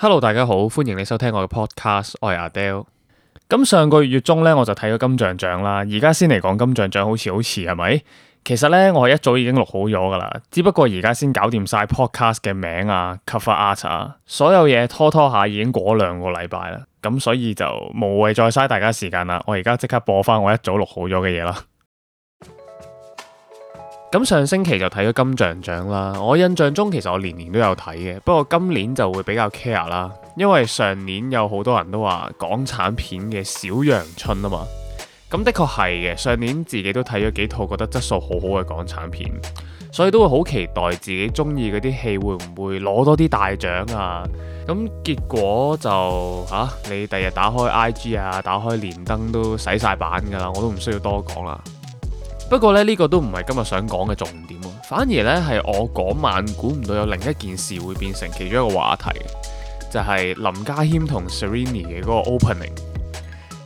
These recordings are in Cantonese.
Hello，大家好，歡迎你收聽我嘅 podcast，我係 Adele。咁上個月月中咧，我就睇咗金像獎啦。而家先嚟講金像獎，好似好遲係咪？其實咧，我係一早已經錄好咗噶啦，只不過而家先搞掂晒 podcast 嘅名啊，cover art 啊，所有嘢拖拖下，已經過兩個禮拜啦。咁所以就無謂再嘥大家時間啦。我而家即刻播翻我一早錄好咗嘅嘢啦。咁上星期就睇咗金像獎啦，我印象中其實我年年都有睇嘅，不過今年就會比較 care 啦，因為上年有好多人都話港產片嘅小陽春啊嘛，咁的確係嘅，上年自己都睇咗幾套覺得質素好好嘅港產片，所以都會好期待自己中意嗰啲戲會唔會攞多啲大獎啊，咁結果就吓、啊、你第日打開 IG 啊，打開連登都洗晒版噶啦，我都唔需要多講啦。不過咧，呢、呢個都唔係今日想講嘅重點咯。反而呢，係我嗰晚估唔到有另一件事會變成其中一個話題，就係、係、林家謙同 Serrini 嘅嗰個 opening。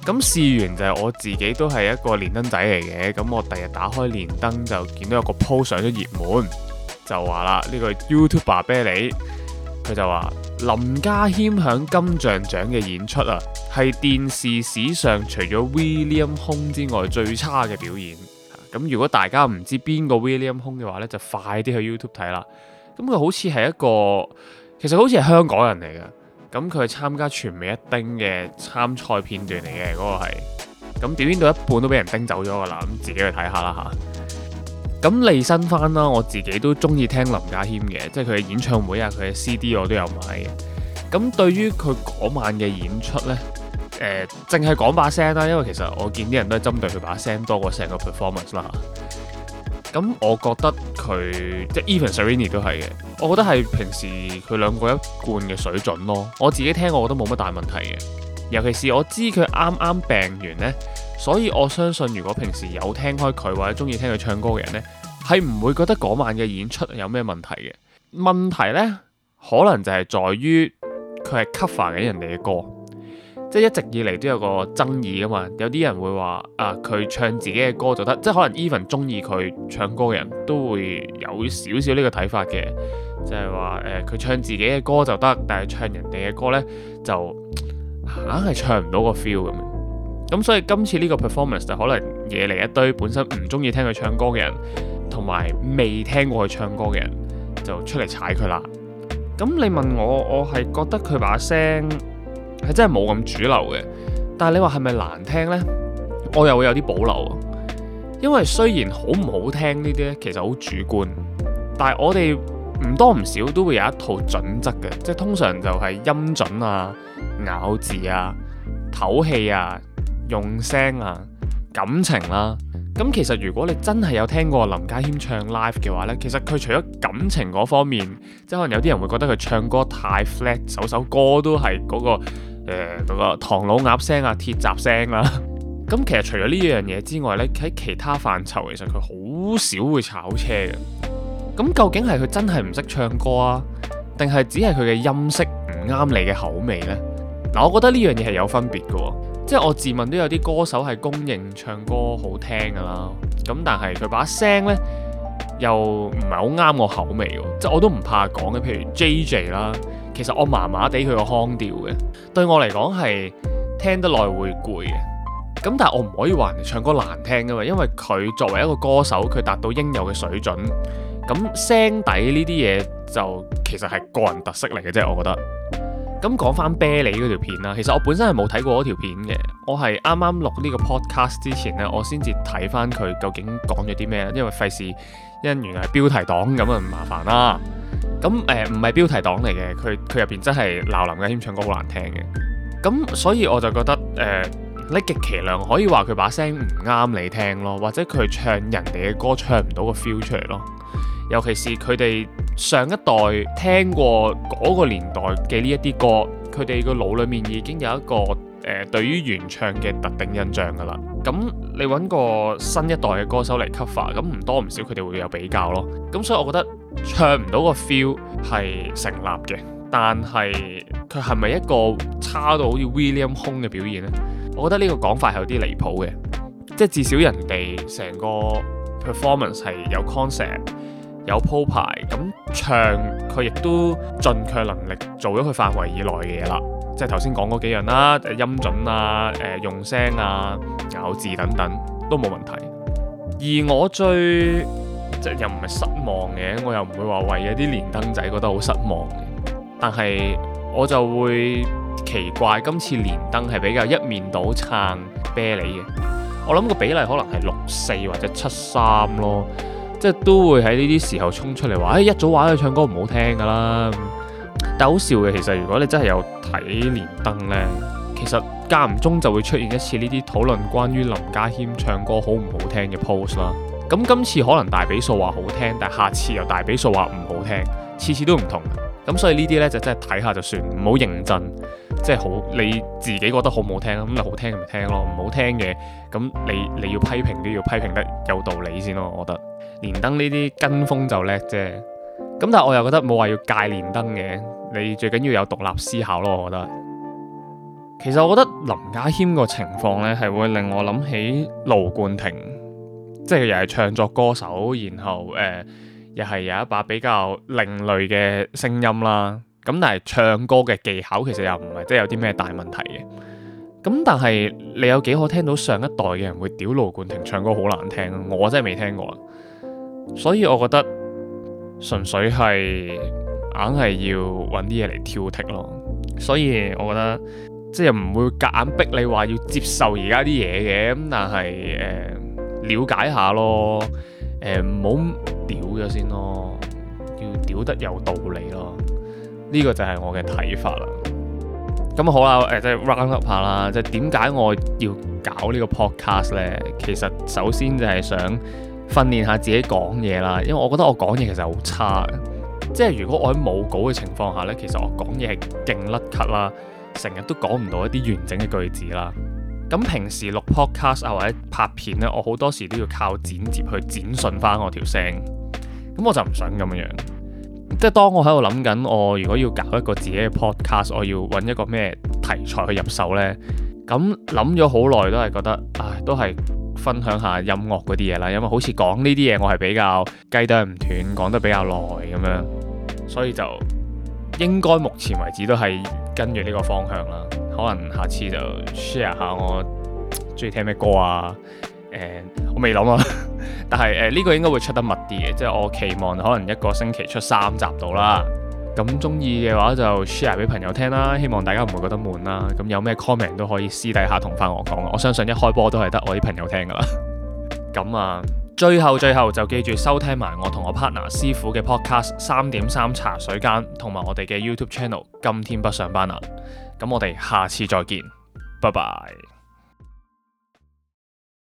咁試完就係我自己都係一個連登仔嚟嘅。咁我第日打開連登就見到有個 post 上咗熱門，就話啦呢個 YouTuber 啤梨佢就話林家謙響金像獎嘅演出啊，係電視史上除咗 William Hung 之外最差嘅表演。咁如果大家唔知邊個 William Hung 嘅話呢，就快啲去 YouTube 睇啦。咁佢好似係一個，其實好似係香港人嚟嘅。咁佢係參加全美一叮嘅參賽片段嚟嘅，嗰、那個係。咁表演到一半都俾人叮走咗㗎啦，咁自己去睇下啦吓，咁利申翻啦，我自己都中意聽林家謙嘅，即係佢嘅演唱會啊，佢嘅 CD 我都有買嘅。咁對於佢嗰晚嘅演出呢。誒，淨係講把聲啦，因為其實我見啲人都係針對佢把聲多過成個 performance 啦。咁我覺得佢即係 Even Sireni 都係嘅，我覺得係平時佢兩個一貫嘅水準咯。我自己聽我覺得冇乜大問題嘅，尤其是我知佢啱啱病完呢。所以我相信如果平時有聽開佢或者鍾意聽佢唱歌嘅人呢，係唔會覺得嗰晚嘅演出有咩問題嘅。問題呢，可能就係在於佢係 cover 緊人哋嘅歌。即係一直以嚟都有個爭議噶嘛，有啲人會話啊，佢唱自己嘅歌就得，即係可能 Even 中意佢唱歌嘅人都會有少少呢個睇法嘅，就係話誒，佢、呃、唱自己嘅歌就得，但係唱人哋嘅歌呢就硬係、啊、唱唔到個 feel 咁。咁所以今次呢個 performance 就可能惹嚟一堆本身唔中意聽佢唱歌嘅人，同埋未聽過佢唱歌嘅人就出嚟踩佢啦。咁你問我，我係覺得佢把聲，係真係冇咁主流嘅，但係你話係咪難聽呢？我又會有啲保留，因為雖然好唔好聽呢啲咧，其實好主觀，但係我哋唔多唔少都會有一套準則嘅，即係通常就係音準啊、咬字啊、唞氣啊、用聲啊、感情啦、啊。咁其實如果你真係有聽過林家謙唱 live 嘅話呢，其實佢除咗感情嗰方面，即係可能有啲人會覺得佢唱歌太 flat，首首歌都係嗰、嗰個。誒，個、uh，唐老鴨聲啊，鐵閘聲啦，咁 其實除咗呢樣嘢之外呢，喺其他範疇，其實佢好少會炒車嘅。咁究竟係佢真係唔識唱歌啊，定係只係佢嘅音色唔啱你嘅口味呢？嗱，我覺得呢樣嘢係有分別嘅，即係我自問都有啲歌手係公認唱歌好聽噶啦，咁但係佢把聲呢，又唔係好啱我口味嘅，即係我都唔怕講嘅，譬如 JJ 啦。其實我麻麻地佢個腔調嘅，對我嚟講係聽得耐會攰嘅。咁但係我唔可以話人唱歌難聽㗎嘛，因為佢作為一個歌手，佢達到應有嘅水準。咁聲底呢啲嘢就其實係個人特色嚟嘅啫，我覺得。咁講翻啤梨嗰條片啦，其實我本身係冇睇過嗰條片嘅，我係啱啱錄呢個 podcast 之前咧，我先至睇翻佢究竟講咗啲咩，因為費事因原來係標題黨，咁啊唔麻煩啦。咁誒唔係標題黨嚟嘅，佢佢入邊真係鬧林家謙唱歌好難聽嘅。咁所以我就覺得誒，你、呃、極其量可以話佢把聲唔啱你聽咯，或者佢唱人哋嘅歌唱唔到個 feel 出嚟咯，尤其是佢哋。上一代聽過嗰個年代嘅呢一啲歌，佢哋個腦裏面已經有一個誒、呃、對於原唱嘅特定印象㗎啦。咁你揾個新一代嘅歌手嚟 cover，咁唔多唔少佢哋會有比較咯。咁所以我覺得唱唔到個 feel 係成立嘅，但係佢係咪一個差到好似 William Hung 嘅表現呢？我覺得呢個講法係有啲離譜嘅，即至少人哋成個 performance 係有 concept。有鋪排咁唱，佢亦都盡佢能力做咗佢範圍以內嘅嘢啦，即係頭先講嗰幾樣啦，音準啊，誒、呃、用聲啊，咬字等等都冇問題。而我最即又唔係失望嘅，我又唔會話為咗啲連登仔覺得好失望嘅。但係我就會奇怪，今次連登係比較一面倒撐啤梨嘅，我諗個比例可能係六四或者七三咯。即係都會喺呢啲時候衝出嚟話，哎，一早話佢唱歌唔好聽㗎啦。但好笑嘅，其實如果你真係有睇連登呢，其實間唔中就會出現一次呢啲討論關於林家謙唱歌好唔好聽嘅 post 啦。咁今次可能大比數話好聽，但下次又大比數話唔好聽，次次都唔同。咁所以呢啲呢，就真係睇下就算，唔好認真。即係好你自己覺得好唔好聽咁，就好聽咪聽咯，唔好聽嘅咁你你要批評都要批評得有道理先咯，我覺得。連登呢啲跟風就叻啫，咁但係我又覺得冇話要戒連登嘅，你最緊要有獨立思考咯。我覺得，其實我覺得林家謙個情況呢，係會令我諗起盧冠廷，即係又係唱作歌手，然後誒又係有一把比較另類嘅聲音啦。咁但係唱歌嘅技巧其實又唔係即係有啲咩大問題嘅。咁但係你有幾可聽到上一代嘅人會屌盧冠廷唱歌好難聽？我真係未聽過。所以我覺得純粹係硬係要揾啲嘢嚟挑剔咯，所以我覺得即係唔會夾硬逼你話要接受而家啲嘢嘅，咁但係誒、呃、了解下咯，誒唔好屌咗先咯，要屌得有道理咯，呢、這個就係我嘅睇法啦。咁好啦，誒即係 round up 下啦，即係點解我要搞呢個 podcast 呢？其實首先就係想。訓練下自己講嘢啦，因為我覺得我講嘢其實好差。即係如果我喺冇稿嘅情況下，呢其實我講嘢係勁甩 cut 啦，成日都講唔到一啲完整嘅句子啦。咁平時錄 podcast 啊或者拍片呢，我好多時都要靠剪接去剪順翻我條聲，咁我就唔想咁樣。即係當我喺度諗緊，我、哦、如果要搞一個自己嘅 podcast，我要揾一個咩題材去入手呢？咁諗咗好耐都係覺得，唉、哎，都係分享下音樂嗰啲嘢啦，因為好似講呢啲嘢我係比較雞得唔斷，講得比較耐咁樣，所以就應該目前為止都係跟住呢個方向啦。可能下次就 share 下我中意聽咩歌啊，誒、嗯、我未諗啊， 但係誒呢個應該會出得密啲嘅，即係我期望可能一個星期出三集到啦。咁中意嘅話就 share 俾朋友聽啦，希望大家唔會覺得悶啦。咁有咩 comment 都可以私底下同翻我講，我相信一開波都係得我啲朋友聽㗎啦。咁 啊，最後最後就記住收聽埋我同我 partner 師傅嘅 podcast《三點三茶水間》同埋我哋嘅 YouTube channel《今天不上班》啦。咁我哋下次再見，拜拜。